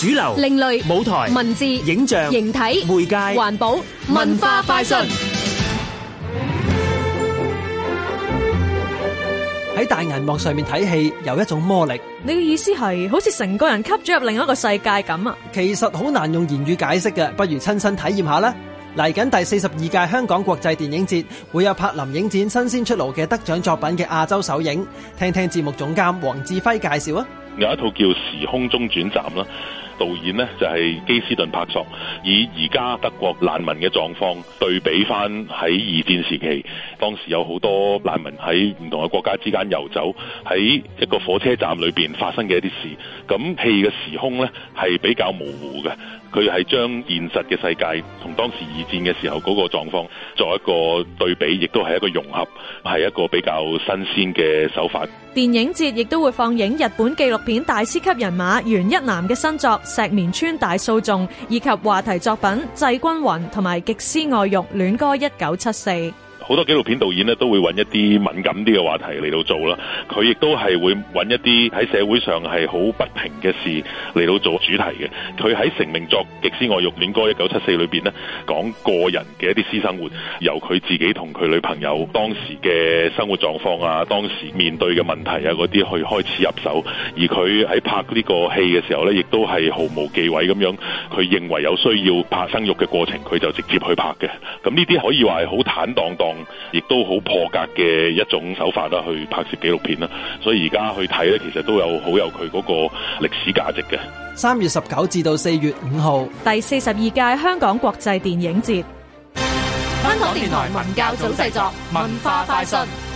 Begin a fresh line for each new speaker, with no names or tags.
主流、另類舞台、文字、影像、形體、媒介、環保、文
化、快訊。喺大銀幕上面睇戲，有一種魔力。你嘅意思係好似成個人吸咗入另一個世界咁啊？其實好難用言語解釋嘅，不如親身體驗下啦。嚟緊第四十二屆香港國際電影節，會有柏林影展新鮮出爐嘅得獎作品嘅亞洲首映。聽聽節目總監黃志輝介紹
啊！有一套叫《時空中轉站》啦。導演呢就係基斯頓柏索，以而家德國難民嘅狀況對比翻喺二戰時期，當時有好多難民喺唔同嘅國家之間遊走，喺一個火車站裏邊發生嘅一啲事。咁戲嘅時空呢係比較模糊嘅，佢係將現實嘅世界同當時二戰嘅時候嗰個狀況做一個對比，亦都係一個融合，係一個比較新鮮嘅手法。
電影節亦都會放映日本紀錄片大師級人馬原一男嘅新作。石棉村大訴訟以及話題作品《濟君魂》同埋《極私愛慾戀歌一九七四》。
好多紀錄片導演咧都會揾一啲敏感啲嘅話題嚟到做啦，佢亦都係會揾一啲喺社會上係好不平嘅事嚟到做主題嘅。佢喺《成名作極私外欲戀歌1974》一九七四裏邊咧，講個人嘅一啲私生活，由佢自己同佢女朋友當時嘅生活狀況啊，當時面對嘅問題啊嗰啲去開始入手。而佢喺拍呢個戲嘅時候咧，亦都係毫無忌諱咁樣，佢認為有需要拍生育嘅過程，佢就直接去拍嘅。咁呢啲可以話係好坦蕩蕩。亦都好破格嘅一種手法啦，去拍攝紀錄片啦，所以而家去睇咧，其實都有好有佢嗰個歷史價值嘅。
三月十九至到四月五號，
第四十二屆香港國際電影節，香港電台文教組製作文化快訊。